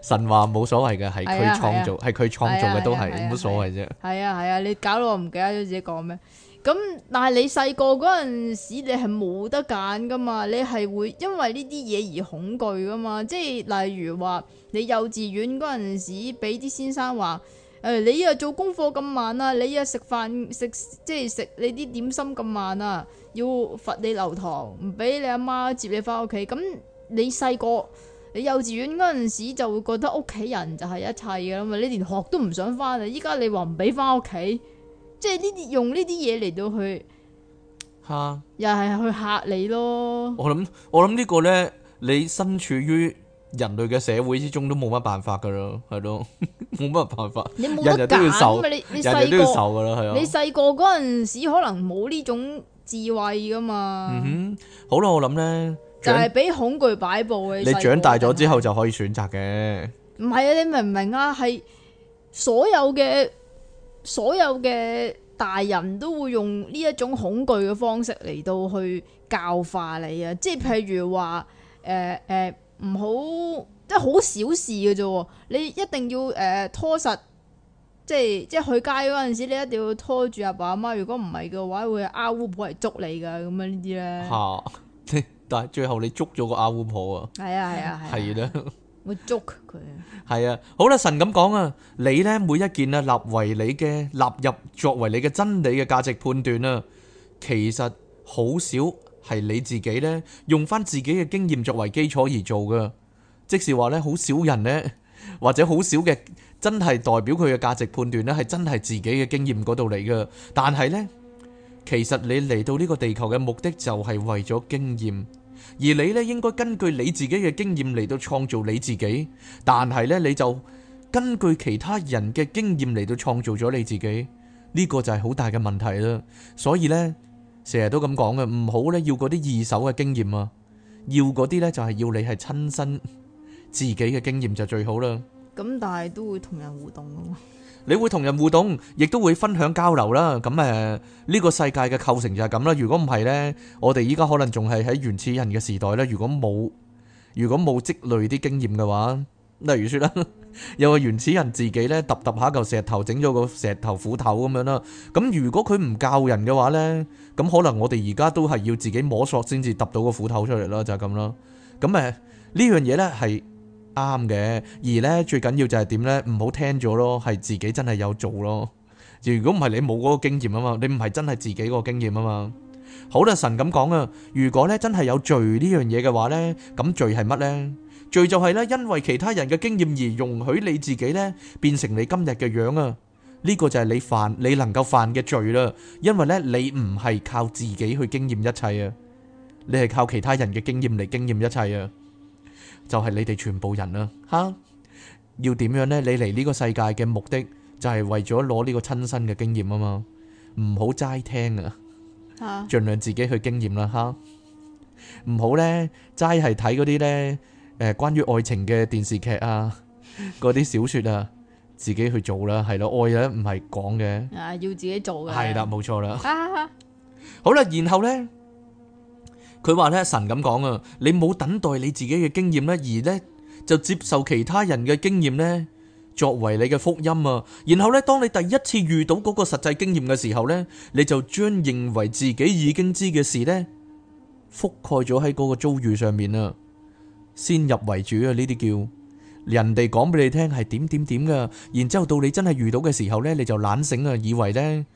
神話冇所謂嘅，係佢創造，係佢創造嘅都係冇所謂啫。係啊係啊，你搞到我唔記得咗自己講咩？咁但係你細個嗰陣時，你係冇得揀噶嘛？你係會因為呢啲嘢而恐懼噶嘛？即係例如話，你幼稚園嗰陣時俾啲先生話，誒你又做功課咁慢啊，你又食飯食即係食你啲點心咁慢啊，要罰你留堂，唔俾你阿媽接你返屋企。咁你細個。你幼稚園嗰陣時就會覺得屋企人就係一切噶啦嘛，你連學都唔想翻啊！依家你話唔俾翻屋企，即係呢啲用呢啲嘢嚟到去，吓哈，又係去吓你咯。我諗我諗呢個呢，你身處於人類嘅社會之中都冇乜辦法噶咯，係咯，冇 (laughs) 乜辦法。你冇得揀，咪你你細個，你細個嗰陣時可能冇呢種智慧噶嘛。嗯哼，好啦，我諗呢。就係俾恐懼擺布嘅。你長大咗之後就可以選擇嘅。唔係啊，你明唔明啊？係所有嘅所有嘅大人都會用呢一種恐懼嘅方式嚟到去教化你啊！即係譬如話誒誒，唔好即係好小事嘅啫，你一定要誒拖實，即係即係去街嗰陣時，你一定要拖住阿爸阿媽。如果唔係嘅話，會阿烏婆嚟捉你噶咁樣呢啲咧。好。 (laughs) 最後你捉咗個阿烏婆啊？係啊，係啊，係。係啦，我捉佢。係啊，好啦，神咁講啊，你咧每一件啊立為你嘅納入作為你嘅真理嘅價值判斷啊，其實好少係你自己咧用翻自己嘅經驗作為基礎而做噶。即是話咧，好少人咧或者好少嘅真係代表佢嘅價值判斷咧係真係自己嘅經驗嗰度嚟噶。但係咧，其實你嚟到呢個地球嘅目的就係為咗經驗。而你咧應該根據你自己嘅經驗嚟到創造你自己，但係咧你就根據其他人嘅經驗嚟到創造咗你自己，呢個就係好大嘅問題啦。所以咧，成日都咁講嘅，唔好咧要嗰啲二手嘅經驗啊，要嗰啲咧就係要你係親身自己嘅經驗就最好啦。咁但係都會同人互動噶嘛。你會同人互動，亦都會分享交流啦。咁誒，呢個世界嘅構成就係咁啦。如果唔係呢，我哋依家可能仲係喺原始人嘅時代咧。如果冇，如果冇積累啲經驗嘅話，例如説啦，有 (laughs) 個原始人自己呢，揼揼下一嚿石頭，整咗個石頭斧頭咁樣啦。咁如果佢唔教人嘅話呢，咁可能我哋而家都係要自己摸索先至揼到個斧頭出嚟啦，就係咁啦。咁誒，呢樣嘢呢係。啱嘅，而呢最緊要就係點呢，唔好聽咗咯，係自己真係有做咯。如果唔係你冇嗰個經驗啊嘛，你唔係真係自己個經驗啊嘛。好啦，神咁講啊，如果呢真係有罪呢樣嘢嘅話呢，咁罪係乜呢？罪就係呢，因為其他人嘅經驗而容許你自己呢變成你今日嘅樣啊。呢個就係你犯，你能夠犯嘅罪啦。因為呢你唔係靠自己去經驗一切啊，你係靠其他人嘅經驗嚟經驗一切啊。就係你哋全部人啦，吓，要點樣咧？你嚟呢個世界嘅目的就係為咗攞呢個親身嘅經驗啊嘛，唔好齋聽啊，盡量自己去經驗啦，吓，唔好咧齋係睇嗰啲咧，誒關於愛情嘅電視劇啊，嗰啲小說啊，自己去做啦，係咯，愛啊唔係講嘅，啊要自己做嘅，係啦，冇錯啦，好啦，然後咧。佢話呢神咁講啊，你冇等待你自己嘅經驗呢，而呢就接受其他人嘅經驗呢，作為你嘅福音啊。然後呢，當你第一次遇到嗰個實際經驗嘅時候呢，你就將認為自己已經知嘅事呢覆蓋咗喺嗰個遭遇上面啊。先入為主啊，呢啲叫人哋講俾你聽係點點點㗎，然之後到你真係遇到嘅時候呢，你就懶醒啊，以為呢。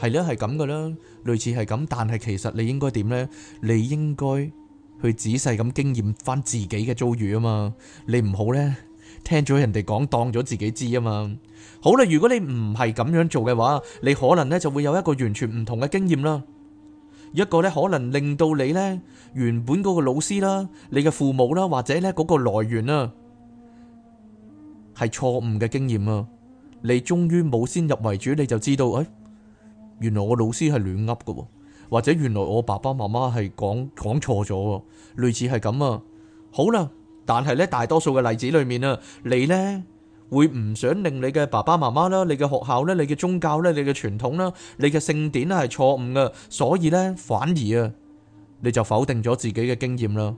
係咧，係咁嘅啦，類似係咁，但係其實你應該點呢？你應該去仔細咁經驗翻自己嘅遭遇啊嘛！你唔好呢，聽咗人哋講當咗自己知啊嘛！好啦，如果你唔係咁樣做嘅話，你可能呢就會有一個完全唔同嘅經驗啦。一個呢可能令到你呢原本嗰個老師啦、你嘅父母啦或者呢嗰個來源啊，係錯誤嘅經驗啊！你終於冇先入為主，你就知道誒，原來我老師係亂噏嘅，或者原來我爸爸媽媽係講講錯咗，類似係咁啊。好啦，但係呢，大多數嘅例子裏面啊，你呢會唔想令你嘅爸爸媽媽啦、你嘅學校呢、你嘅宗教呢、你嘅傳統啦、你嘅聖典呢係錯誤噶，所以呢，反而啊，你就否定咗自己嘅經驗啦，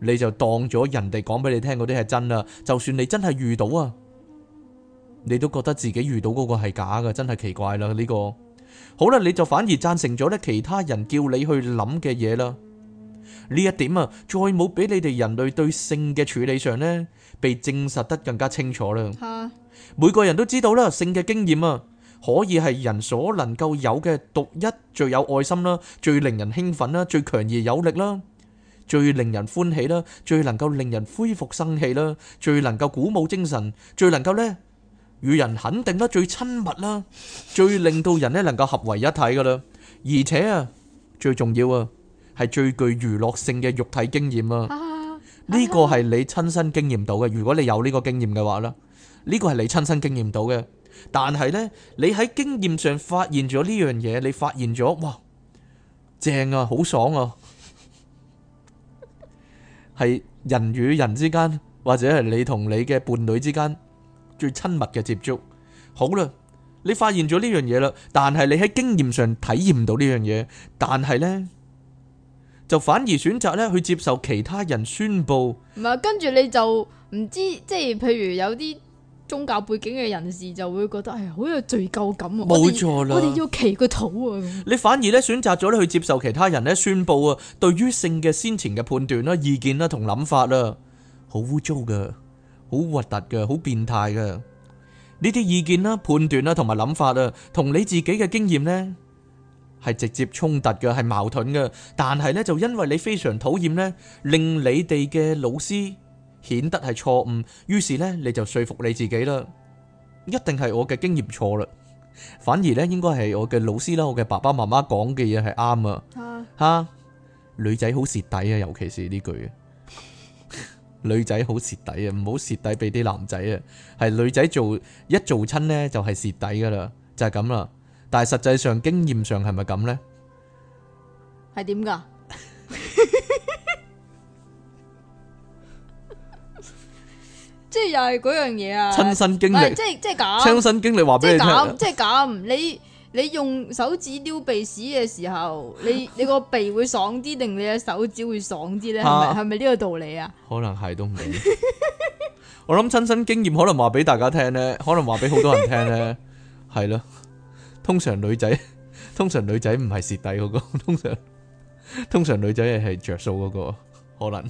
你就當咗人哋講俾你聽嗰啲係真啦。就算你真係遇到，啊，你都覺得自己遇到嗰個係假嘅，真係奇怪啦呢個。好啦，你就反而贊成咗咧其他人叫你去諗嘅嘢啦。呢一點啊，再冇俾你哋人類對性嘅處理上呢，被證實得更加清楚啦。啊，每個人都知道啦，性嘅經驗啊，可以係人所能夠有嘅獨一最有愛心啦，最令人興奮啦，最強而有力啦，最令人歡喜啦，最能夠令人恢復生氣啦，最能夠鼓舞精神，最能夠呢。與人肯定得最親密啦，最令到人咧能夠合為一體噶啦，而且啊，最重要啊，係最具娛樂性嘅肉體經驗啊，呢個係你親身經驗到嘅。如果你有呢個經驗嘅話啦，呢個係你親身經驗到嘅。但係呢，你喺經驗上發現咗呢樣嘢，你發現咗哇，正啊，好爽啊，係人與人之間，或者係你同你嘅伴侶之間。最親密嘅接觸，好啦，你發現咗呢樣嘢啦，但係你喺經驗上體驗唔到呢樣嘢，但係呢，就反而選擇咧去接受其他人宣佈，唔係跟住你就唔知，即係譬如有啲宗教背景嘅人士就會覺得係好有罪疚感，冇錯啦，我哋要祈個禱啊！你反而咧選擇咗去接受其他人咧宣佈啊，對於性嘅先前嘅判斷啦、意見啦、同諗法啦，好污糟噶。好核突嘅，好變態嘅呢啲意見啦、判斷啦同埋諗法啊，同你自己嘅經驗咧係直接衝突嘅，係矛盾嘅。但係咧就因為你非常討厭咧，令你哋嘅老師顯得係錯誤，於是咧你就說服你自己啦，一定係我嘅經驗錯啦，反而咧應該係我嘅老師啦，我嘅爸爸媽媽講嘅嘢係啱啊，吓，女仔好蝕底啊，尤其是呢句。女仔好蝕底啊，唔好蝕底俾啲男仔啊，係女仔做一做親呢，就係蝕底噶啦，就係咁啦。但係實際上經驗上係咪咁咧？係點噶？即係又係嗰樣嘢啊！親身經歷，即係即係咁。親身經歷話俾你聽，即係咁你。你用手指撩鼻屎嘅時候，你你個鼻會爽啲，定你嘅手指會爽啲咧？係咪係咪呢個道理啊？可能係都唔，我諗親身經驗可能話俾大家聽咧，可能話俾好多人聽咧，係咯。通常女仔，通常女仔唔係蝕底嗰個，通常通常女仔係着數嗰個，可能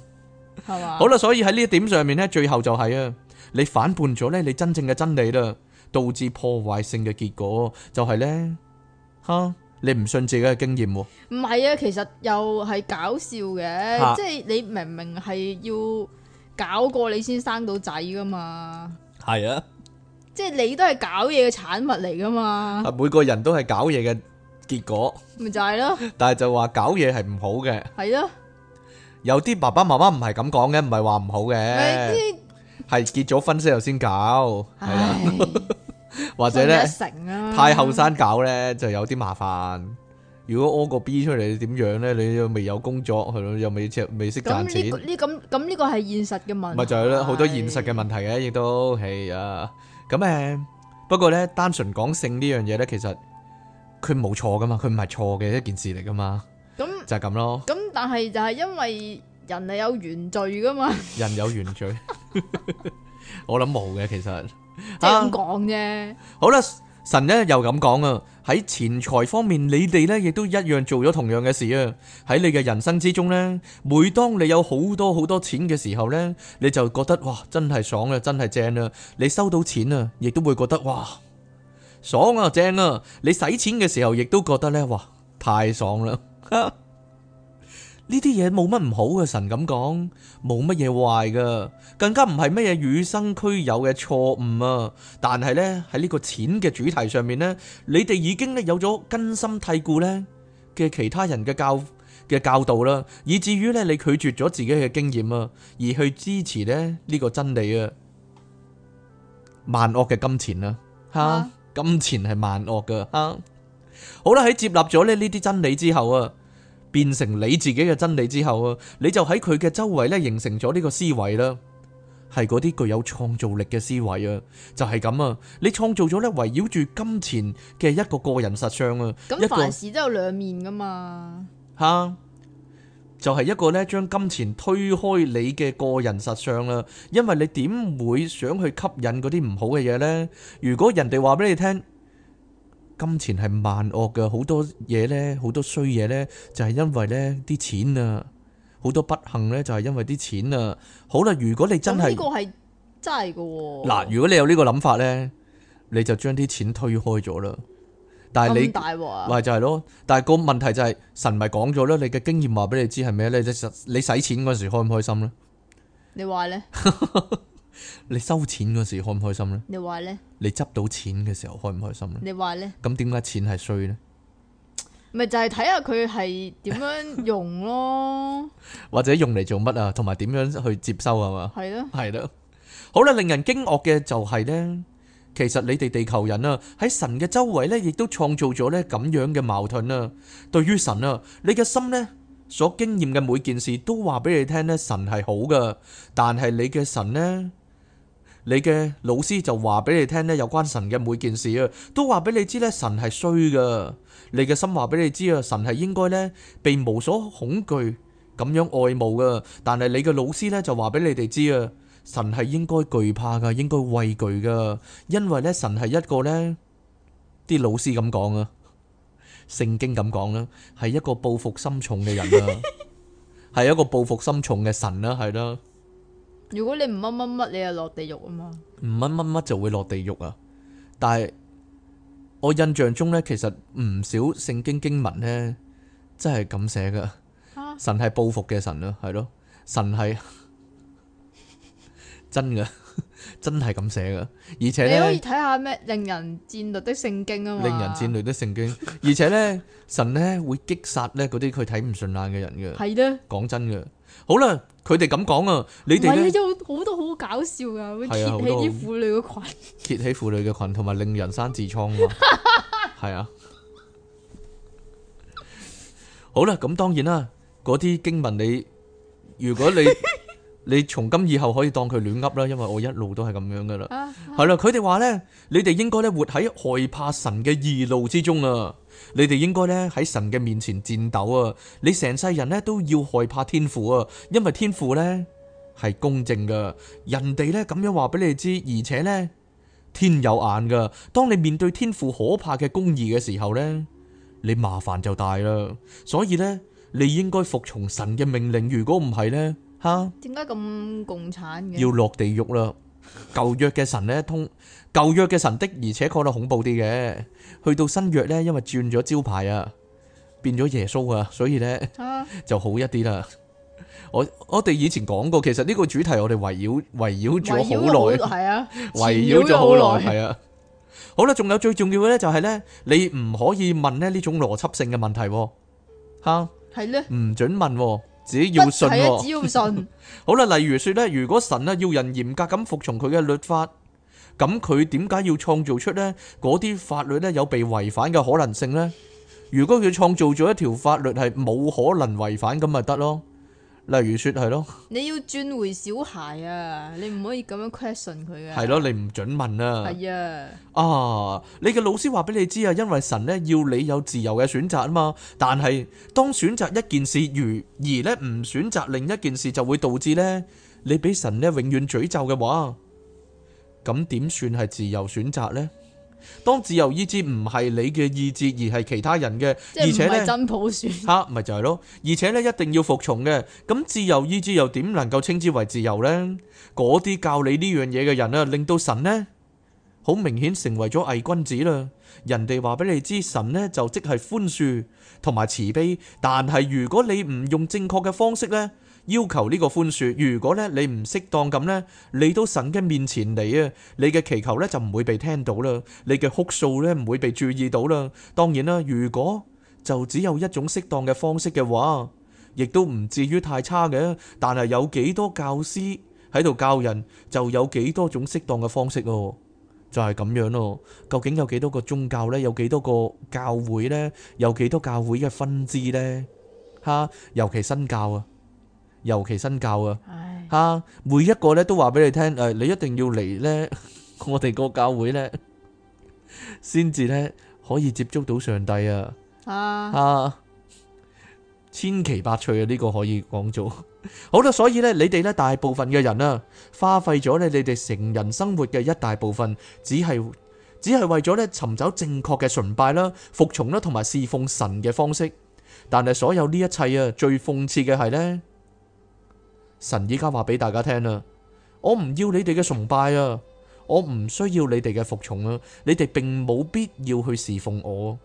係嘛？好啦，所以喺呢一點上面咧，最後就係啊，你反叛咗咧，你真正嘅真理啦。導致破壞性嘅結果，就係咧吓，你唔信自己嘅經驗？唔係啊，其實又係搞笑嘅，即係你明明係要搞過你先生到仔噶嘛，係啊，即係你都係搞嘢嘅產物嚟噶嘛，每個人都係搞嘢嘅結果，咪就係咯。但係就話搞嘢係唔好嘅，係咯，有啲爸爸媽媽唔係咁講嘅，唔係話唔好嘅。係結咗婚之後先搞，唉 (laughs) 或者咧呢、啊、太後生搞咧就有啲麻煩。如果屙個 B 出嚟點樣咧？你又未有工作，係咯又未未識賺錢。呢咁咁呢個係、這個、現實嘅問題咪就係咯，好多現實嘅問題嘅亦唉都係啊。咁誒，不過咧單純講性呢樣嘢咧，其實佢冇錯噶嘛，佢唔係錯嘅一件事嚟噶嘛。咁那就係咁咯。咁但係就係因為。人係有原罪噶嘛？ (laughs) 人有原罪， (laughs) 我諗冇嘅，其實，即係咁講啫。Uh, 好啦，神咧又咁講啊！喺錢財方面，你哋咧亦都一樣做咗同樣嘅事啊！喺你嘅人生之中咧，每當你有好多好多錢嘅時候咧，你就覺得哇，真係爽啦，真係正啦！你收到錢啊，亦都會覺得哇，爽啊，正啊，啊！你使錢嘅時候，亦都覺得咧，哇，太爽啦！ (laughs) 呢啲嘢冇乜唔好嘅，神咁講冇乜嘢壞噶，更加唔係乜嘢與生俱有嘅錯誤啊！但係呢，喺呢個錢嘅主題上面呢，你哋已經咧有咗根深蒂固呢嘅其他人嘅教嘅教導啦，以至於咧你拒絕咗自己嘅經驗啊，而去支持咧呢個真理啊，萬惡嘅金錢啊，吓，金錢係萬惡嘅啊！好啦，喺接納咗咧呢啲真理之後啊。變成你自己嘅真理之後啊，你就喺佢嘅周圍咧形成咗呢個思維啦，係嗰啲具有創造力嘅思維啊，就係咁啊，你創造咗咧圍繞住金錢嘅一個個人實相啊，嗯、一個凡事都有兩面噶嘛，吓、啊，就係、是、一個咧將金錢推開你嘅個人實相啦，因為你點會想去吸引嗰啲唔好嘅嘢呢？如果人哋話俾你聽。金錢係萬惡嘅，好多嘢咧，好多衰嘢咧，就係因為呢啲錢啊，好多不幸咧就係因為啲錢啊。好啦，如果你真係咁呢個係真係嘅喎。嗱，如果你有呢個諗法咧，你就將啲錢推開咗啦。但係你，大鑊啊咪就係咯。但係個問題就係神咪講咗咯，你嘅經驗話俾你知係咩咧？你使你使錢嗰時開唔開心咧？你話咧？你收錢嗰時開唔開心呢？你話呢？你執到錢嘅時候開唔開心呢？你話呢？咁點解錢係衰呢？咪就係睇下佢係點樣用咯， (laughs) 或者用嚟做乜啊？同埋點樣去接收係嘛？係咯，係咯。好啦，令人驚愕嘅就係呢。其實你哋地球人啊，喺神嘅周圍呢，亦都創造咗呢咁樣嘅矛盾啊。對於神啊，你嘅心呢，所經驗嘅每件事都話俾你聽呢，神係好噶，但係你嘅神呢？你嘅老師就話俾你聽咧，有關神嘅每件事啊，都話俾你知咧，神係衰嘅。你嘅心話俾你知啊，神係應該咧被無所恐懼咁樣愛慕嘅。但係你嘅老師咧就話俾你哋知啊，神係應該懼怕嘅，應該畏懼嘅，因為咧神係一個咧啲老師咁講啊，聖經咁講啦，係一個報復心重嘅人啊，係一個報復心重嘅神啦，係咯。如果你唔乜乜乜，你又落地獄啊嘛？唔乜乜乜就會落地獄啊！但係我印象中咧，其實唔少聖經經文咧，真係咁寫噶。神係報復嘅神咯，係咯，神係真噶，真係咁寫噶。而且你可以睇下咩令人戰栗的聖經啊嘛。令人戰栗的聖經，而且咧神咧會擊殺咧嗰啲佢睇唔順眼嘅人嘅。係咧，講真嘅。好啦，佢哋咁講啊，你哋，喂，有好多好搞笑噶，會揭起啲婦女嘅裙，揭起婦女嘅裙，同埋令人生痔瘡啊，係啊，好啦，咁當然啦，嗰啲經文你，如果你。你從今以後可以當佢亂噏啦，因為我一路都係咁樣噶啦，係啦、啊。佢哋話呢，你哋應該咧活喺害怕神嘅義路之中啊！你哋應該咧喺神嘅面前戰鬥啊！你成世人咧都要害怕天父啊，因為天父呢係公正噶。人哋呢，咁樣話俾你知，而且呢，天有眼噶。當你面對天父可怕嘅公義嘅時候呢，你麻煩就大啦。所以呢，你應該服從神嘅命令。如果唔係呢。吓？點解咁共產嘅？要落地獄啦！舊約嘅神咧，通舊約嘅神的，而且確係恐怖啲嘅。去到新約咧，因為轉咗招牌啊，變咗耶穌啊，所以咧就好一啲啦。我我哋以前講過，其實呢個主題我哋圍繞圍繞咗好耐，係啊，圍繞咗好耐，係啊。好啦，仲有最重要嘅咧，就係咧，你唔可以問咧呢種邏輯性嘅問題，吓，係咧，唔准問。自己要信喎、哦， (laughs) 好啦，例如說咧，如果神啊要人嚴格咁服從佢嘅律法，咁佢點解要創造出咧嗰啲法律咧有被違反嘅可能性咧？如果佢創造咗一條法律係冇可能違反咁咪得咯。例如說係咯，你要轉回小孩啊，你唔可以咁樣 question 佢嘅啊。係咯，你唔准問啊。係啊，啊，你嘅老師話俾你知啊，因為神咧要你有自由嘅選擇啊嘛。但係當選擇一件事而而咧唔選擇另一件事，就會導致咧你俾神咧永遠詛咒嘅話，咁點算係自由選擇呢？當自由意志唔係你嘅意志，而係其他人嘅。而且咧，真普選吓，咪就係咯。而且咧，一定要服從嘅。咁自由意志又點能夠稱之為自由呢？嗰啲教你呢樣嘢嘅人咧，啊，令到神呢，好明顯成為咗偽君子啦。人哋話俾你知，神呢，就即係寬恕同埋慈悲，但係如果你唔用正確嘅方式呢，要求呢個寬恕，如果咧你唔適當咁咧，你到神嘅面前嚟啊，你嘅祈求咧就唔會被聽到啦，你嘅哭訴咧唔會被注意到啦。當然啦，如果就只有一種適當嘅方式嘅話，亦都唔至於太差嘅。但係有幾多教師喺度教人，就有幾多種適當嘅方式咯，就係咁樣咯。究竟有幾多個宗教咧？有幾多個教會咧？有幾多教會嘅分支咧？吓，尤其新教啊！尤其新教啊，吓，每一個咧都話俾你聽，誒，你一定要嚟咧，我哋個教會咧，先至咧可以接觸到上帝啊，啊，千奇百趣啊，呢個可以講做好啦。所以咧，你哋咧大部分嘅人啊，花費咗咧你哋成人生活嘅一大部分，只係只係為咗咧尋找正確嘅崇拜啦、服從啦同埋侍奉神嘅方式，但係所有呢一切啊，最諷刺嘅係咧。神依家話俾大家聽啦，我唔要你哋嘅崇拜啊，我唔需要你哋嘅服從啊，你哋並冇必要去侍奉我。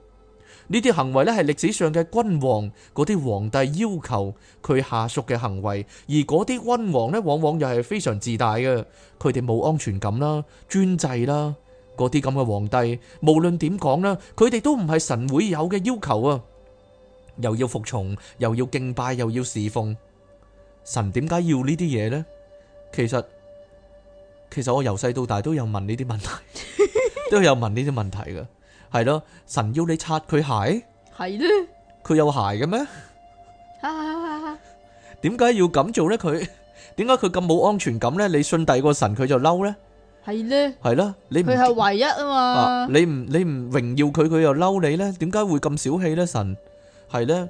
呢啲行為呢，係歷史上嘅君王嗰啲皇帝要求佢下屬嘅行為，而嗰啲君王呢，往往又係非常自大嘅，佢哋冇安全感啦，專制啦，嗰啲咁嘅皇帝，無論點講呢，佢哋都唔係神會有嘅要求啊，又要服從，又要敬拜，又要侍奉。神點解要呢啲嘢咧？其實其實我由細到大都有問呢啲問題，都有問呢啲問題嘅，係咯。神要你擦佢鞋，係咧。佢有鞋嘅咩？點解要咁做咧？佢點解佢咁冇安全感咧？你信第二個神佢就嬲咧，係咧，係啦，你唔係唯一啊嘛。你唔你唔榮耀佢，佢又嬲你咧。點解會咁小氣咧？神係咧。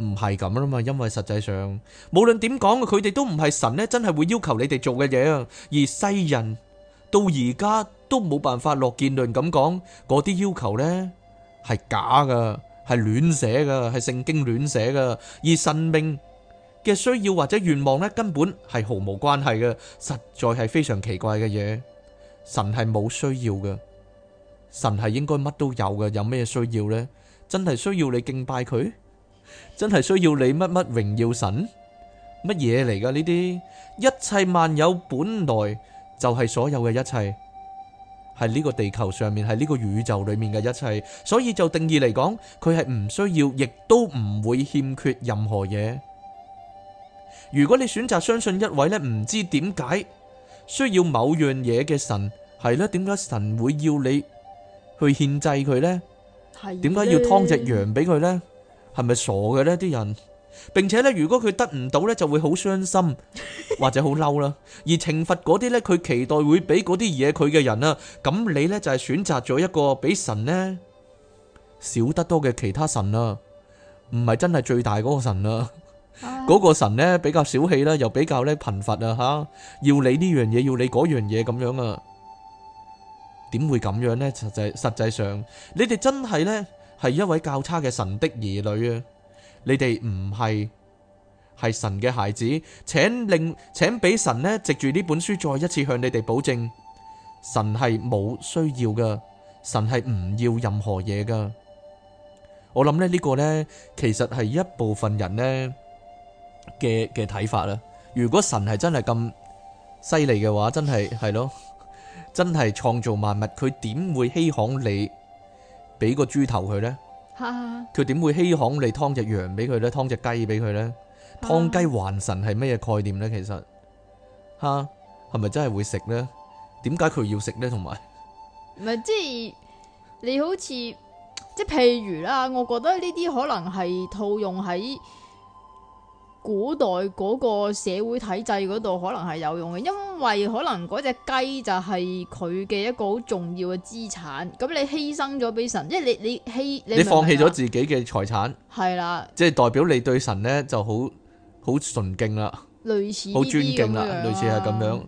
唔係咁啦嘛，因為實際上無論點講，佢哋都唔係神咧，真係會要求你哋做嘅嘢啊。而世人到而家都冇辦法落結論咁講，嗰啲要求咧係假噶，係亂寫噶，係聖經亂寫噶，而神命嘅需要或者願望咧，根本係毫無關係嘅，實在係非常奇怪嘅嘢。神係冇需要嘅，神係應該乜都有嘅，有咩需要咧？真係需要你敬拜佢？真係需要你乜乜榮耀神乜嘢嚟噶呢啲？一切萬有本來就係所有嘅一切，係呢個地球上面，係呢個宇宙裏面嘅一切。所以就定義嚟講，佢係唔需要，亦都唔會欠缺任何嘢。如果你選擇相信一位呢，唔知點解需要某樣嘢嘅神，係呢，點解神會要你去獻祭佢呢？點解要劏隻羊俾佢呢？係咪傻嘅呢？啲人，並且呢，如果佢得唔到呢，就會好傷心或者好嬲啦。而懲罰嗰啲呢，佢期待會俾嗰啲惹佢嘅人啦。咁你呢就係選擇咗一個比神呢少得多嘅其他神啦，唔係真係最大嗰個神啦。嗰個神呢比較小氣啦，又比較咧貧乏啊，吓要你呢樣嘢，要你嗰樣嘢咁樣啊？點會咁樣呢？實際實際上，你哋真係呢。係一位較差嘅神的兒女啊！你哋唔係係神嘅孩子，請令請俾神呢，藉住呢本書再一次向你哋保證，神係冇需要噶，神係唔要任何嘢噶。我諗咧呢、呢個呢，其實係一部分人呢嘅嘅睇法啦。如果神係真係咁犀利嘅話，真係係咯，真係創造萬物，佢點會稀罕你？俾個豬頭佢咧，佢點、啊、會稀罕你劏隻羊俾佢呢？劏隻雞俾佢呢？劏雞還神係咩概念呢？其實吓？係咪真係會食呢？點解佢要食呢？同埋唔係即係你好似即係譬如啦，我覺得呢啲可能係套用喺。古代嗰個社會體制嗰度可能係有用嘅，因為可能嗰隻雞就係佢嘅一個好重要嘅資產。咁你犧牲咗俾神，即係你你犧你，你放棄咗自己嘅財產，係啦了，即係代表你對神咧就好好純敬啦，類似好尊敬啦，類似係咁樣。樣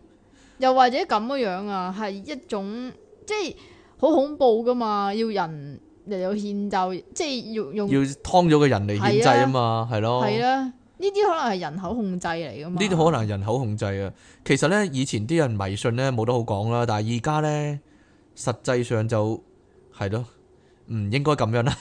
又或者咁嘅樣啊，係一種即係好恐怖噶嘛，要人嚟有獻就即係要用要劏咗個人嚟獻祭啊嘛，係咯是 4，係啊。呢啲可能係人口控制嚟噶嘛？呢啲可能係人口控制啊！其實呢，以前啲人迷信呢冇得好講啦，但係而家呢，實際上就係咯，唔應該咁樣啦。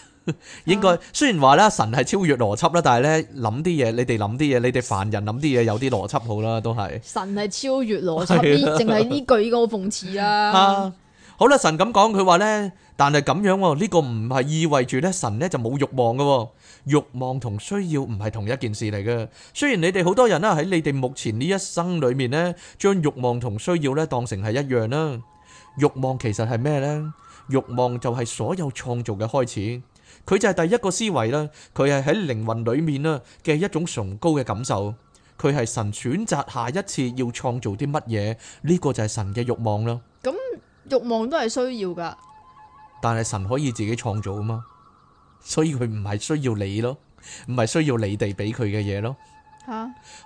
應該、啊、雖然話咧神係超越邏輯啦，但係呢，諗啲嘢，你哋諗啲嘢，你哋凡人諗啲嘢有啲邏輯好啦，都係神係超越邏輯，淨係呢句咁好諷刺啦、啊。啊啊好啦，神咁講，佢話呢，但係咁樣喎，呢個唔係意味住呢，神呢就冇欲望㗎，欲望同需要唔係同一件事嚟㗎。雖然你哋好多人啦，喺你哋目前呢一生裏面呢，將欲望同需要呢當成係一樣啦。欲望其實係咩呢？欲望就係所有創造嘅開始，佢就係第一個思維啦，佢係喺靈魂裏面啦嘅一種崇高嘅感受，佢係神選擇下一次要創造啲乜嘢，呢個就係神嘅欲望啦。欲望都係需要噶，但係神可以自己創造啊嘛，所以佢唔係需要你咯，唔係需要你哋俾佢嘅嘢咯。吓，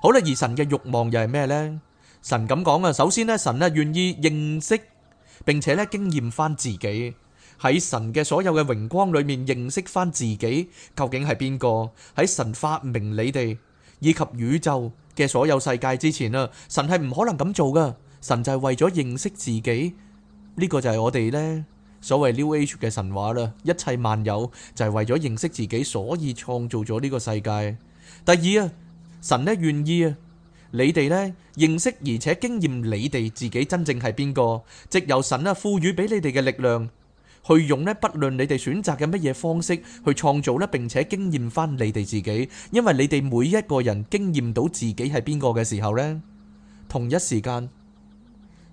好啦，而神嘅欲望又係咩呢？神咁講啊，首先呢，神呢願意認識並且咧經驗翻自己。喺神嘅所有嘅榮光裏面認識翻自己，究竟係邊個？喺神發明你哋，以及宇宙嘅所有世界之前啊，神係唔可能咁做噶。神就係為咗認識自己。呢個就係我哋呢所謂 New Age 嘅神話啦，一切萬有就係為咗認識自己，所以創造咗呢個世界。第二啊，神呢願意啊，你哋呢認識而且經驗你哋自己真正係邊個，藉由神啊賦予俾你哋嘅力量去用呢，不論你哋選擇嘅乜嘢方式去創造呢，並且經驗翻你哋自己，因為你哋每一個人經驗到自己係邊個嘅時候呢，同一時間。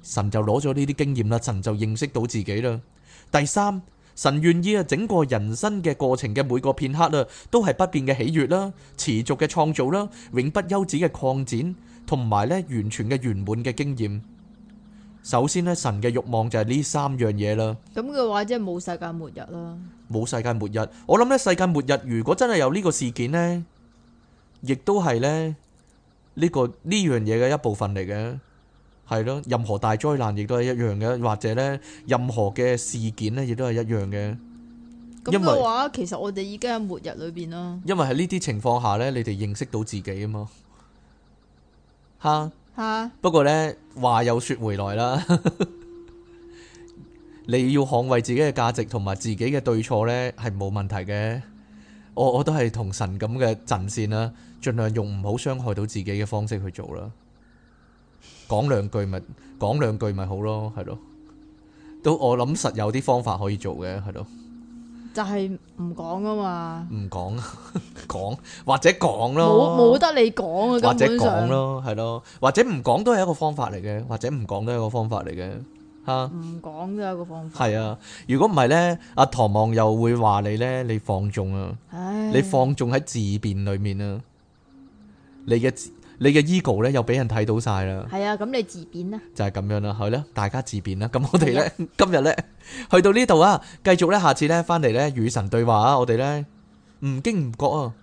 神就攞咗呢啲經驗啦，神就認識到自己啦。第三，神願意啊，整個人生嘅過程嘅每個片刻啦，都係不變嘅喜悅啦，持續嘅創造啦，永不休止嘅擴展，同埋呢完全嘅圓滿嘅經驗。首先呢，神嘅欲望就係呢三樣嘢啦。咁嘅話，即係冇世界末日啦。冇世界末日，我諗呢，世界末日如果真係有呢個事件呢，亦都係呢呢個呢樣嘢嘅一部分嚟嘅。係咯，任何大災難亦都係一樣嘅，或者咧，任何嘅事件咧，亦都係一樣嘅。咁嘅話，為其實我哋已經係末日裏邊咯。因為喺呢啲情況下咧，你哋認識到自己啊嘛。吓吓。哈不過咧，話又說回來啦， (laughs) 你要捍衛自己嘅價值同埋自己嘅對錯咧，係冇問題嘅。我我都係同神咁嘅陣線啦，盡量用唔好傷害到自己嘅方式去做啦。講兩句咪講兩句咪好咯，係咯，都我諗實有啲方法可以做嘅，係咯，就係唔講啊嘛，唔講，講或者講咯，冇冇得你講啊，或者講咯，係咯，或者唔講都係一個方法嚟嘅。或者唔講都係一個方法嚟嘅，吓，唔講都係一個方法，係啊，如果唔係咧，阿唐望又會話你咧，你放縱啊，你放縱喺自辯裏面啊，你嘅自。你嘅 ego 咧又俾人睇到晒啦，係啊，咁你自便啦，就係咁樣啦，係啦、啊，大家自便啦，咁我哋咧、啊、今日咧去到呢度啊，繼續咧下次咧翻嚟咧與神對話啊，我哋咧唔經唔覺啊，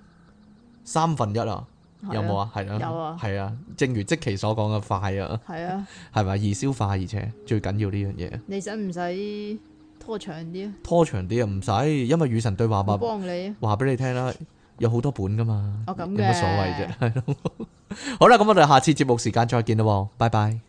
三分一啊，有冇啊？係啊，有啊，係啊，正如即其所講嘅快啊，係啊，係咪易消化而且最緊要呢樣嘢？你使唔使拖長啲？拖長啲啊，唔使，因為與神對話嘛，你話俾你聽啦。有好多本噶嘛，有乜、哦、所謂啫？係咯， (laughs) 好啦，咁我哋下次節目時間再見啦，拜拜。